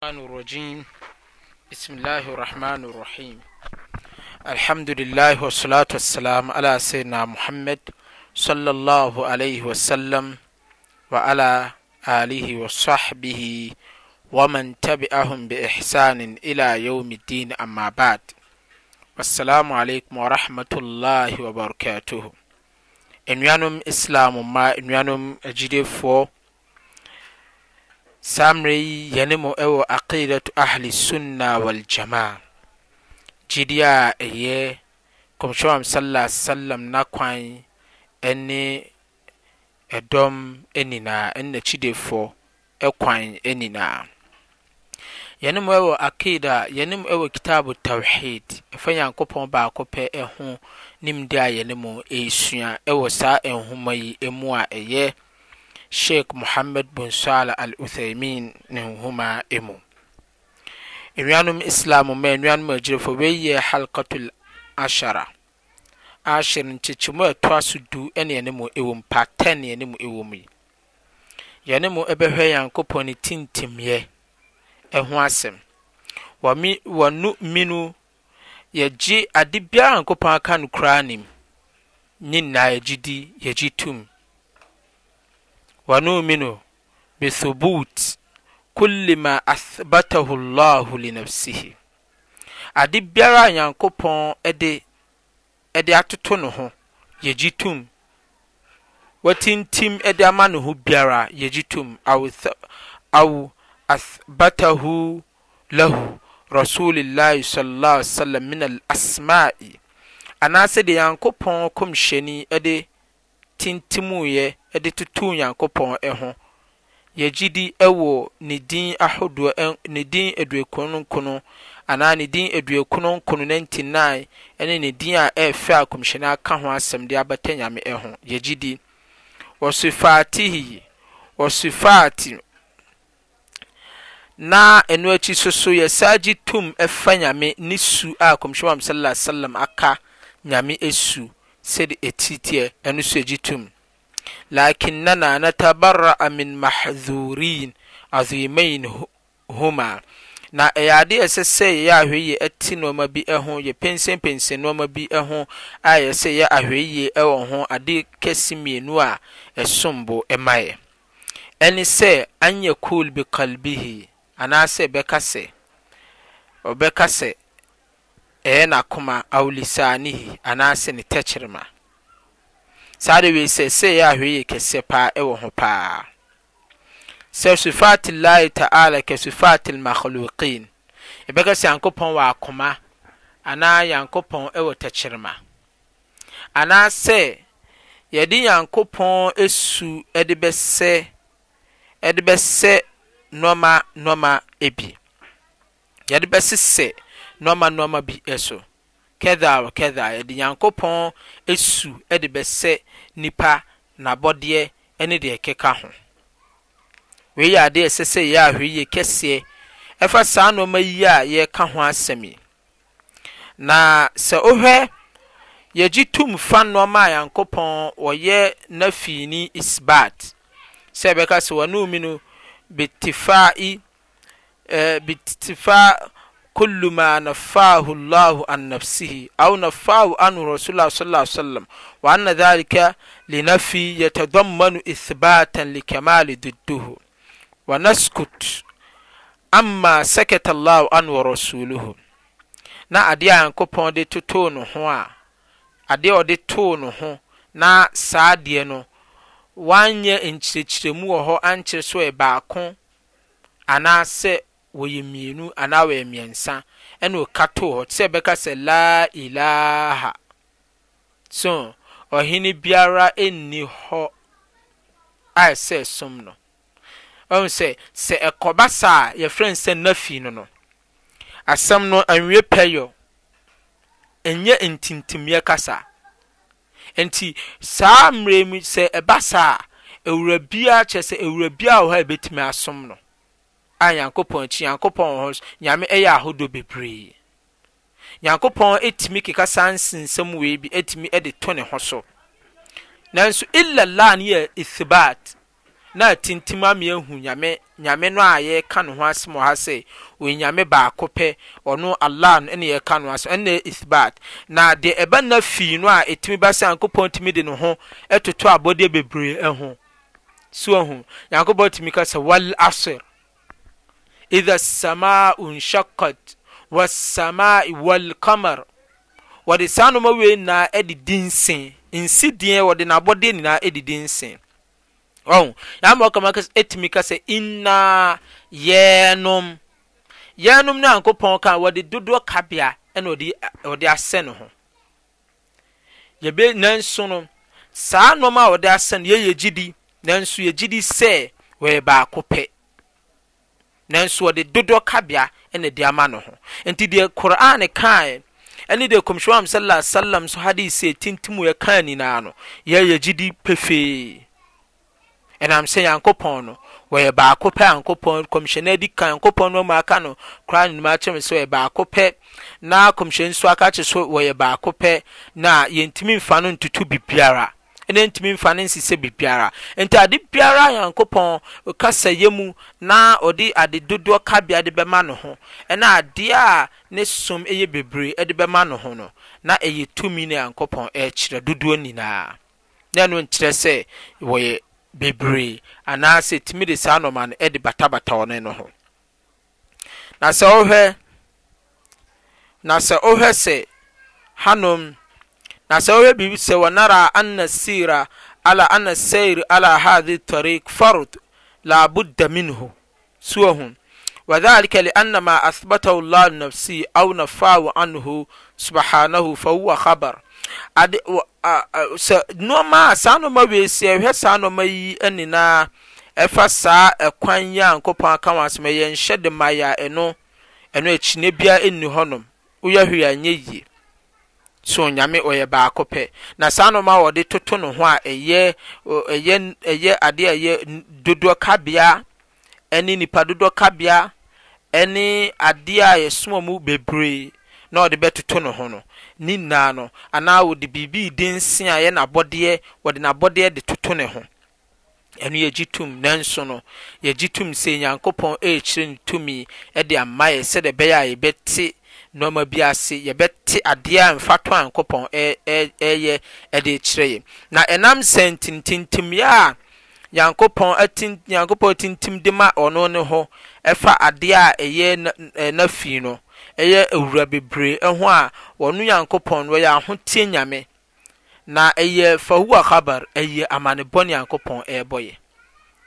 الرحمن الرجيم بسم الله الرحمن الرحيم الحمد لله والصلاة والسلام على سيدنا محمد صلى الله عليه وسلم وعلى آله وصحبه ومن تبعهم بإحسان إلى يوم الدين أما بعد والسلام عليكم ورحمة الله وبركاته إنوانم إسلام ما إنوانم أجدفو saa mmerɛ yi yɛne mo ɛwɔ aqidatu ahli sunna wal jamaa gyidi a ɛyɛ kɔmhyɛwam sallah sallam na kwan ɛne ɛdɔm nyinaa ɛne n'akyidefoɔ ɛkwan nyinaa yane mo ɛwɔ akida yane mo ewo kitabu tawhid ɛfa nyankopɔn baako pɛ ɛho nimdeɛ a yane mo ɛresua ewo sa nhoma yi ɛmu a ɛyɛ sheikh muhammad bin sala al uthaymin ne nhoma mu nnuanom islam ma nnuanom agyirefo wei yɛ halkatul ashara ashir nkyekyɛmu a ɛtoa so du ne ɛne mu ɛwɔ pa ten ne ɛne mu ɛwɔ mu yi yɛne mu ɛbɛhwɛ nyankopɔn ne tintimyɛ ɛho asɛm wɔnu minu yɛgye ade biara nyankopɔn aka no koraa nim ne nyinaa yɛgye di yɛgye tum ونؤمن بثبوت كل ما أثبته الله لنفسه ade biara a nyankopɔn de de atoto ne ho yɛgye tom watintim de ama ne ho biara yɛgye tom aw athbatahu lahu rasulillahi sallallahu alaihi wasallam min al asma'i anaasɛ deɛ nyankopɔn kɔmhyɛni de tntimɛ de totoo nyankopɔn ho yɛgyidi ɛwɔkrn anaa ne din aduakrunnkron nanti9 ɛne ne din a ɛɛfɛ a kɔmhyino aka ho asɛm de abɛta nyame ho yɛgyidi wɔsofati ɔsofat na ɛno akyi soso yɛsaa gye tum ɛfa nyame ne su a kɔmhyi am salala salem aka nyame su sɛde ɛtitiɛ ɛno so gyi tom lakinnana na tabaraa min mahdhorin azimain homa na ɛyɛ ade ɛ sɛ sɛ yɛyɛ ahwei yi te noɔma bi ho yɛ pensenpensen noɔma bi ho a yɛ sɛ ɛyɛ ahweiye wɔ ho ade kɛsimienu a ɛsom bo ma ɛ ɛne sɛ anyakul bekalbihi anaasaka s ɛyɛ nakoma awlisanihi anaasɛ ne tɛkyerema saa ade wii sɛ sɛ yɛ ahwei yɛ kɛseɛ paa ɛwɔ ho paa sɛ sufaat llahi ta'ala kɛsufat l maklokin yɛbɛkɛ sɛ nyankopɔn wɔ akoma anaa nyankopɔn wɔ tɛkyerema anaasɛ yɛde nyankopɔn su de bɛsɛ nannma bide nneɛma nneɛma bi ɛso kɛdaa wɔ kɛdaa yɛde nyankopɔn esu ɛde bɛsɛ nipa n'abɔdeɛ ɛne deɛ ɛkeka ho wei yɛ adeɛ ɛsɛ sɛ yɛ ahwɛ yie kɛseɛ ɛfa saa nneɛma yi a yɛreka ho asɛm yi na sɛ ohwɛ yɛgye tum fa nneɛma a nyankopɔn wɔyɛ n'afiini isbat sɛ ɛbɛka sɛ wɔn no bi i ɛɛ eh, bi lmanafaholh an nafsihi w nafaho anho rasullai sl salam ana aika lenafi ytdɔmmanu ithbatan likamale diduhu anaskt ama sakatallah anho rasuluhu na adeɛ a nyankopɔn de totoo no ho a adeɛ ɔ de too no ho na saa deɛ no wanyɛ nkyerekyeremu wɔ hɔ ankyer so ɛbaako anaa sɛ wɔyɛ mmienu anaa wɔyɛ mmiɛnsa ɛna ɔka to hɔ sɛ bɛka sɛ laa ilaha so ɔhene biara ɛnni hɔ a ɛsɛ som no ɔhu sɛ sɛ ɛkɔba saa a yɛfrɛ nsɛ nafi no no asɛm no anwie pɛyɔ ɛnyɛ ntintimyɛ kasa nti saa mmerɛ mu sɛ ɛba saa awura kyerɛ sɛ awura wɔ hɔ a ɛbɛtumi asom no a nyankopɔn akyi nyankopɔn wɔ hɔ nyame ɛyɛ ahodoɔ bebree nyankopɔn ɛtumi keka saa nsensɛm wei bi ɛtumi ɛde to ne ho so nanso illallah no yɛ ithbat na tintim ame ahu nyame nyame no a yɛka ne ho asɛm wɔ ha sɛ ɔyɛ nyame baako pɛ ɔno allah no ɛne yɛka no asɛm ɛne ithbat na deɛ ɛba nna fii no a ɛtumi ba sɛ nyankopɔn tumi de ne ho ɛtoto abɔdeɛ bebree ɛho so ahu nyankopɔn tumi ka sɛ wal asr idha sama'u nshaqqat was sama'i wal qamar wɔde saa nnoma wei nyinaa ɛde di nsen nsi deɛ wɔde n'abɔdeɛ nyinaa ɛde nsen ɔn yamma ɔkama kasa etimi kasa inna yɛɛnum yɛɛnum na nkopɔn kan wɔde dodoɔ kabea ɛna wɔde wɔde asɛ ne ho yɛbɛ nanso no saa nnoma a wɔde asɛ no yɛyɛ gyidi nanso yɛ gyidi sɛ wɔyɛ baako pɛ. swɔde dodɔ kabea ne de ama no ho nti deɛ koran kaɛ ɛne deɛ kɔmiyɛn a saaa salm so hadesɛ tintim ɛkae nyinaa no yɛyɛgyidi pɛfee ɛnam ɛ nyankopɔn nyɛ akpɔɛannkpɔnm ka no kran numkyɛme sɛ ɔyɛbkop na kɔmyɛ s aka kye so ɔyɛ baako p na yɛntimi mfa no ntuto bibiara ɛna ntumi mfa ne nsesɛ biribiara nti ade biara nyankopɔn kasa yɛ mu na ɔde ade dodoɔ kabea de bɛma ne ho ɛna adeɛ a ne som ɛyɛ bebree de bɛma ne ho no na ɛyɛ tumi ne nyankopɔn ɛrekyerɛ dodoɔ nyinaa na ɛno nkyerɛ sɛ wɔyɛ bebree anaasɛ tumi de saa nɔma no de batabata wɔne no ho na sɛ wohwɛ na sɛ wohwɛ sɛ hanom na sɛ wowɛ bir sɛ wɔnara anna sira ana sir la hathi tarik forud labudda menhoh wa dhalika leanama athbataho llah nafsii aw nafawo anho subhanaho fa howa abar nnoɔma a saa nnoma weisi ɛhwɛ saa nnoma yi aninaa ɛfa saa ɛkwan yɛ nkopɔn aka wasɛ mɛ yɛnhyɛ de maya ɛno ɛno akyina bia nni hɔ no so nyame ɔyɛ baako pɛ na saa noma a wɔde toto ne ho a ɛyɛ ɛyɛ ɛyɛ adeɛ a ɛyɛ dodoɔ kabea ɛne nipa dodoɔ kabea ɛne adeɛ a yɛsoma mu bebree na ɔde bɛtoto ne ho no ne nyinaa no anaa wɔde biribi di nsi a ɛyɛ n'abɔdeɛ wɔde n'abɔdeɛ de toto ne ho ɛno yɛgye tum nanso no yɛgye tum sɛ nyankopɔn ɛrekyerɛ ne tumi ɛde ama yɛ sɛdeɛ ɛbɛyɛ a yɛbɛte nneɛma bi ase yɛbɛte adeɛ a mfato a nkopɔn ɛyɛ ɛde kyerɛ yɛ na ɛnam sɛn tintintimyɛ a nyankopɔn atin nyankopɔn tintim de ma ɔno ne ho ɛfa adeɛ a ɛyɛ na ɛna nafi no ɛyɛ awura bebree ɛho a wɔn nyankopɔn no ɛyɛ ahotie nyame na ɛyɛ fahuwa habar ɛyɛ amanebɔ nyankopɔn ɛɛbɔ yɛ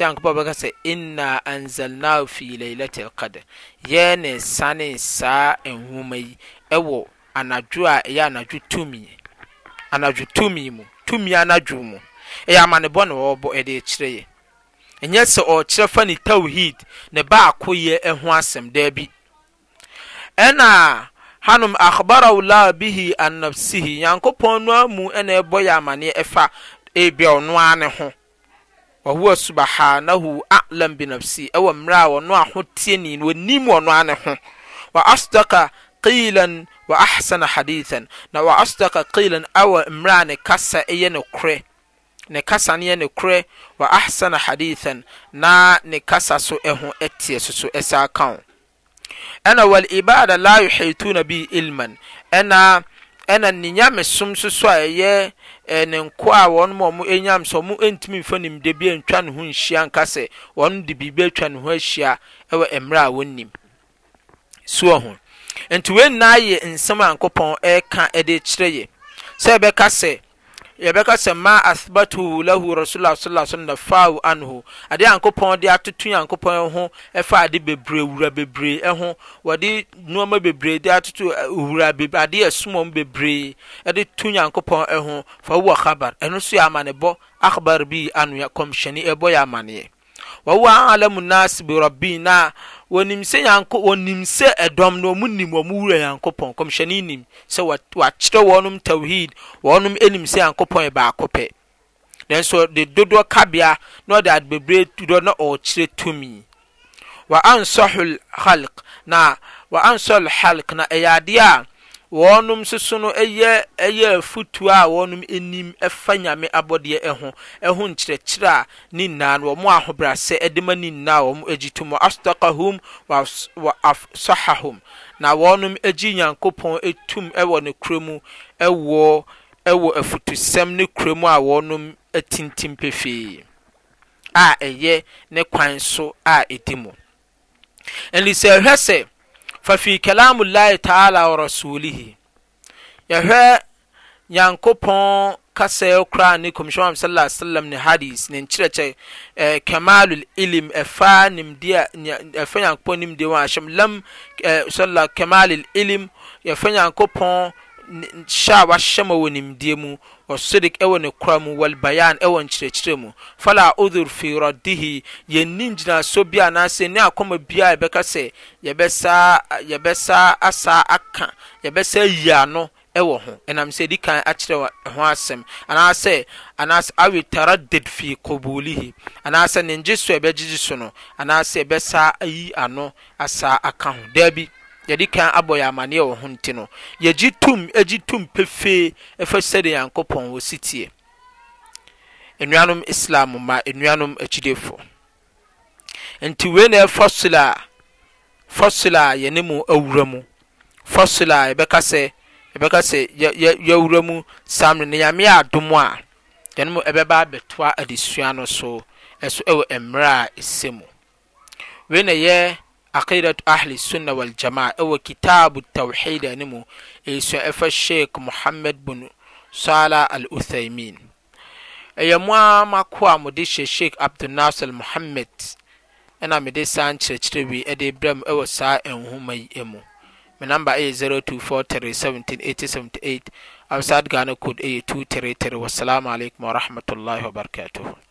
te ankopɔ bɛka sɛ inna anzalnahu fi lailatul qadr yɛ ne sane saa nwoma yi ɛwɔ anadwo a ɛyɛ anadwo tumi anadwo tumi mu tumi anadwo mu ɛyɛ amanebɔ na wɔbɔ ɛde kyerɛ yɛ ɛnyɛ sɛ ɔkyerɛ fa ne tawhid ne baako yɛ ɛho asɛm daabi ɛna hanom akhbarahu la bihi an nafsihi nyankopɔn no amu ɛna ɛbɔ yɛ amaneɛ ɛfa ebia ɔno ne ho whowa subhanah alam benafsih wmmrɛ no inin wn anehoa aditanndalanwmmrkasanyne kor asana haditan na ne kasa so ho tiɛ soso sa ka ɛna wlibada la uhituna bi ilman na nyamesom sos ɛy ne nko a wɔn mu ɔmo enyam sɛ ɔmo ntumi nfa nimde bi ntwa ne ho nhyia nka sɛ wɔn de biribi atwa ne ho ahyia ɛwɔ mmerɛ a wɔnnim soɔ ho nti wɔn yɛ nsɛm a nkopɔn ɛreka ɛde kyerɛ yɛ sɛ ɛbɛka sɛ yɛbɛka sɛ ma asbatuhu lahu rasulullah sallallahu alaihi wasallam fau anhu ade yankopɔn de atoto yankopɔn ho ɛfa ade bebree wura bebree ɛho wɔde nneɛma bebree de atoto eh, wura bebree ade ɛsumɔm bebree ɛde to yankopɔn ɛho fa wɔ khabar ɛno so yɛ amanebɔ akhbar bi anu yɛ kɔmhyɛni ɛbɔ yɛ amaneɛ wɔwua alamu nasib rabbine na ɔnim sɛ ɛdɔm no ɔmu nim wɔ mu wura nyankopɔn kɔmmehyɛ ne nim sɛ wakyerɛ wɔnom tawhed wɔnom nim sɛ nyankopɔn abaakɔ pɛ tenso de dodoɔ kabia na ɔde adbebre dɔ na ɔɔkyerɛ tumii wans awansɔ lhalk na ɛyadeɛa wɔnom soso no yɛ ɛyɛ afutuo a wɔnom anim fa nyame abɔdeɛ ɛho ɛho nkyerɛkyerɛ a ne nyinaa no wɔn ahobrɛasɛ de ma ne nyinaa wɔn agyi tom astakahum wa afsahahum na wɔnom agyi nyankopɔn etum ɛwɔ ne kura mu wɔ wɔ afutusɛm ne kura a wɔnom atintim pefee a ɛyɛ ne kwan so a ɛdi mu ɛnni sɛ sɛ fafi kalamullahi ta'ala wa rasulihi ya yɛhwɛ nyankopɔn kasaɛ koraa ne kɔmhyɛn sallallahu alaihi wasallam ne hadis ne nkyerɛkyɛ eh, kamalul ilim ɛfa nimdeɛ ɛfa nyankopɔn nimdeɛ wɔn ahyɛm lam eh, sallallahu kamalul ilim yɛfa nyankopɔn hyɛ a wahyɛ ma wɔ nimdeɛ mu wɔsirik ɛwɔ ne kora mu wɔlbayan ɛwɔ nkyerɛkyerɛ mu fala udhur fi rɔdihi yɛnni gyinaso bi anaasɛ ne akɔma bi a yɛbɛka asa aka yɛbɛsa yi ano ɛwɔ ho ɛnam sɛ ɛdi kan akyerɛ ho asɛm anaasɛ anaasɛ awi taradid fi kobulihi anaasɛ ne ngye so ɛbɛgyegye so no anaasɛ ɛbɛsa ayi ano asa aka ho daabi yɛde kan abɔ yɛ amaneɛ wɔ ho nti no yɛgye tum gye tum pefee ɛfɛ sɛde nyankopɔn wɔ sitie nnuanom islam ma nnuanom akyidefo nti wei na ɛfɔsil a fɔsil a yɛne mu awura mu fɔsil a yɛbɛka sɛ yɛbɛka sɛ yɛawura mu sam no ne nyame adom a yɛne mu ɛbɛba abɛtoa adesua no so ɛso ɛwɔ mmerɛ a ɛsɛ mu wei na yɛ aqidatu ahli ssunna waljama'a ewa kitabu tawhidaanimu esu fa shek muhamad bun sala aluthaimin eyamuamakua mudishe shek abdunasel mohammad naesantereeri de brm sa numamu mnm0247878 sg2 wasalamlykum waramath abarakath